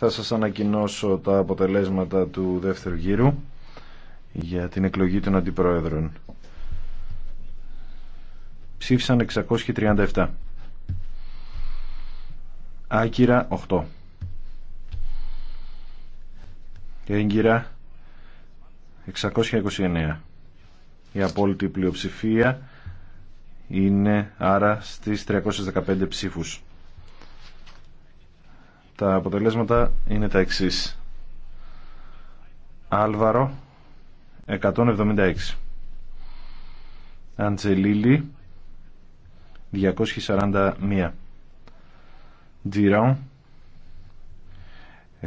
θα σας ανακοινώσω τα αποτελέσματα του δεύτερου γύρου για την εκλογή των αντιπρόεδρων. Ψήφισαν 637. Άκυρα 8. Έγκυρα 629. Η απόλυτη πλειοψηφία είναι άρα στις 315 ψήφους. Τα αποτελέσματα είναι τα εξής. Άλβαρο 176. Αντζελίλη 241. Τζιράου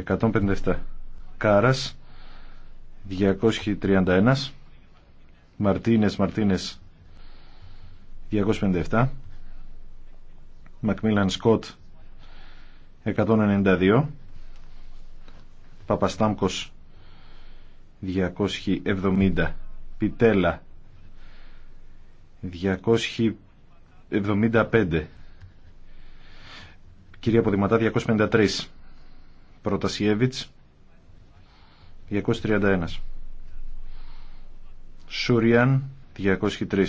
157. Κάρας 231. Μαρτίνες Μαρτίνες 257. Μακμίλαν Σκοτ 192 Παπαστάμκος 270 Πιτέλα 275 Κυρία Ποδηματά 253 Προτασιέβιτς 231 Σούριαν 203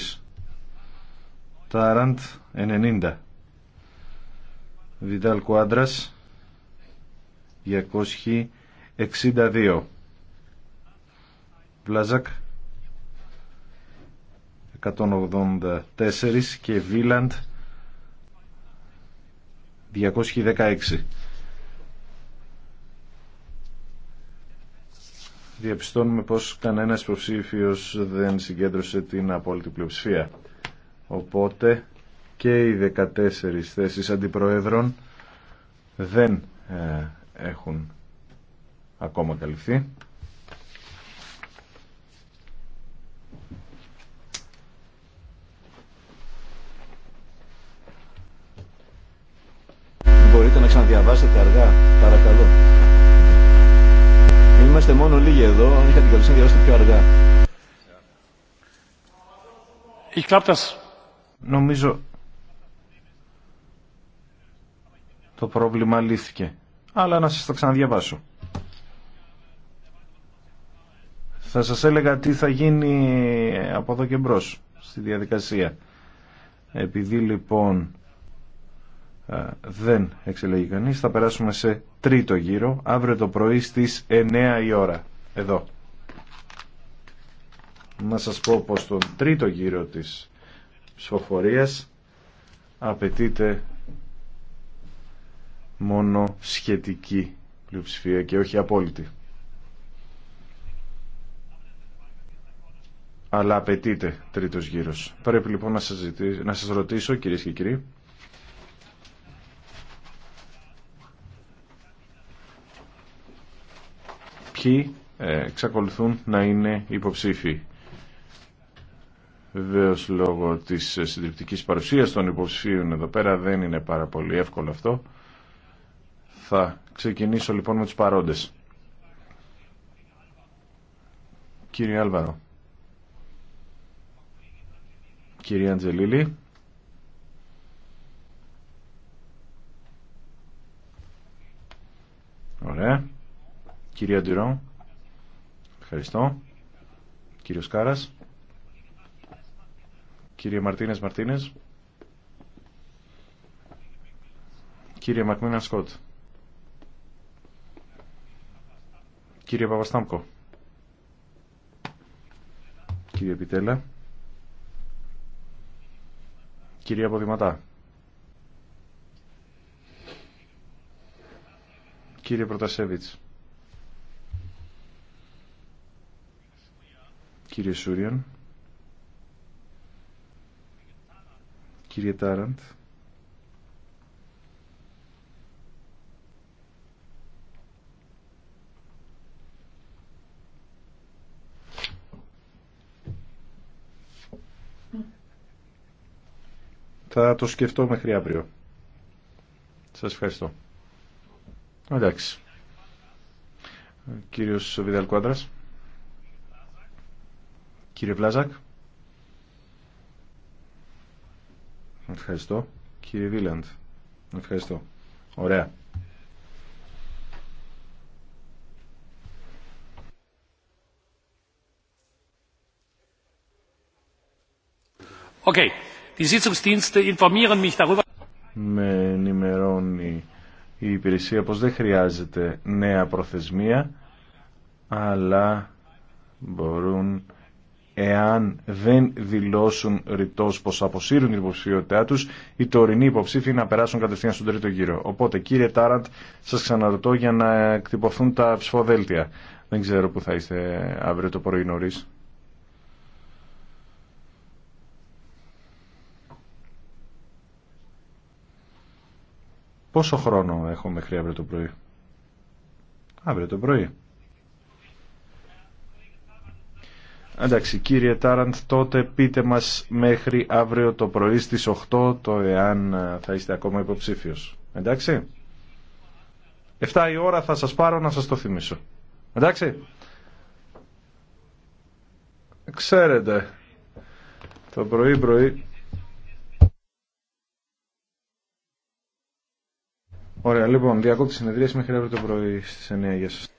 Τάραντ 90 Βιντάλ Κουάντρας 262 Βλάζακ 184 και Βίλαντ 216 Διαπιστώνουμε πως κανένας υποψήφιος δεν συγκέντρωσε την απόλυτη πλειοψηφία. Οπότε και οι 14 θέσεις αντιπροέδρων δεν ε, έχουν ακόμα καλυφθεί. Μπορείτε να ξαναδιαβάσετε αργά, παρακαλώ. Είμαστε μόνο λίγοι εδώ, αν είχα την να διαβάσετε πιο αργά. Ich Νομίζω το πρόβλημα λύθηκε. Αλλά να σας το ξαναδιαβάσω. Θα σας έλεγα τι θα γίνει από εδώ και μπρο στη διαδικασία. Επειδή λοιπόν δεν εξελέγει κανείς, θα περάσουμε σε τρίτο γύρο, αύριο το πρωί στις 9 η ώρα, εδώ. Να σας πω πως τον τρίτο γύρο της ψηφοφορίας απαιτείται μόνο σχετική πλειοψηφία και όχι απόλυτη. Αλλά απαιτείται τρίτος γύρος. Πρέπει λοιπόν να σας, ρωτήσω κυρίε και κύριοι ποιοι ε, εξακολουθούν να είναι υποψήφοι. Βεβαίω λόγω της συντριπτικής παρουσίας των υποψηφίων εδώ πέρα δεν είναι πάρα πολύ εύκολο αυτό. Θα ξεκινήσω λοιπόν με τους παρόντες. Κύριε Άλβαρο. Κύριε Αντζελίλη. Ωραία. Κύριε Αντιρό. Ευχαριστώ. Κύριος Κάρας. Κύριε Μαρτίνες Μαρτίνες. Κύριε Μακμίνα Σκότ. Κύριε Παπαστάμκο. Κύριε Πιτέλα. Κύριε Αποδηματά Κύριε Πρωτασέβιτς Κύριε Σούριαν. Κύριε Τάραντ. Θα το σκεφτώ μέχρι αύριο. Σα ευχαριστώ. Εντάξει. Κύριο κύριος Βιδαλ Κύριε Βλάζακ. Ευχαριστώ. Κύριε Βίλαντ. Ευχαριστώ. Ωραία. Okay. Με ενημερώνει η υπηρεσία πως δεν χρειάζεται νέα προθεσμία, αλλά μπορούν εάν δεν δηλώσουν ρητός πως αποσύρουν την υποψηφιότητά του, οι τωρινοί υποψήφοι να περάσουν κατευθείαν στον τρίτο γύρο. Οπότε, κύριε Τάραντ, σας ξαναρωτώ για να εκτυπωθούν τα ψηφοδέλτια. Δεν ξέρω που θα είστε αύριο το πρωί νωρίς. Πόσο χρόνο έχω μέχρι αύριο το πρωί. Αύριο το πρωί. Εντάξει, κύριε Τάραντ, τότε πείτε μας μέχρι αύριο το πρωί στις 8 το εάν ε, θα είστε ακόμα υποψήφιος. Εντάξει. 7 η ώρα θα σας πάρω να σας το θυμίσω. Εντάξει. Ξέρετε, το πρωί πρωί Ωραία, λοιπόν, διακόπτη συνεδρίαση μέχρι αύριο το πρωί στις 9 για σας.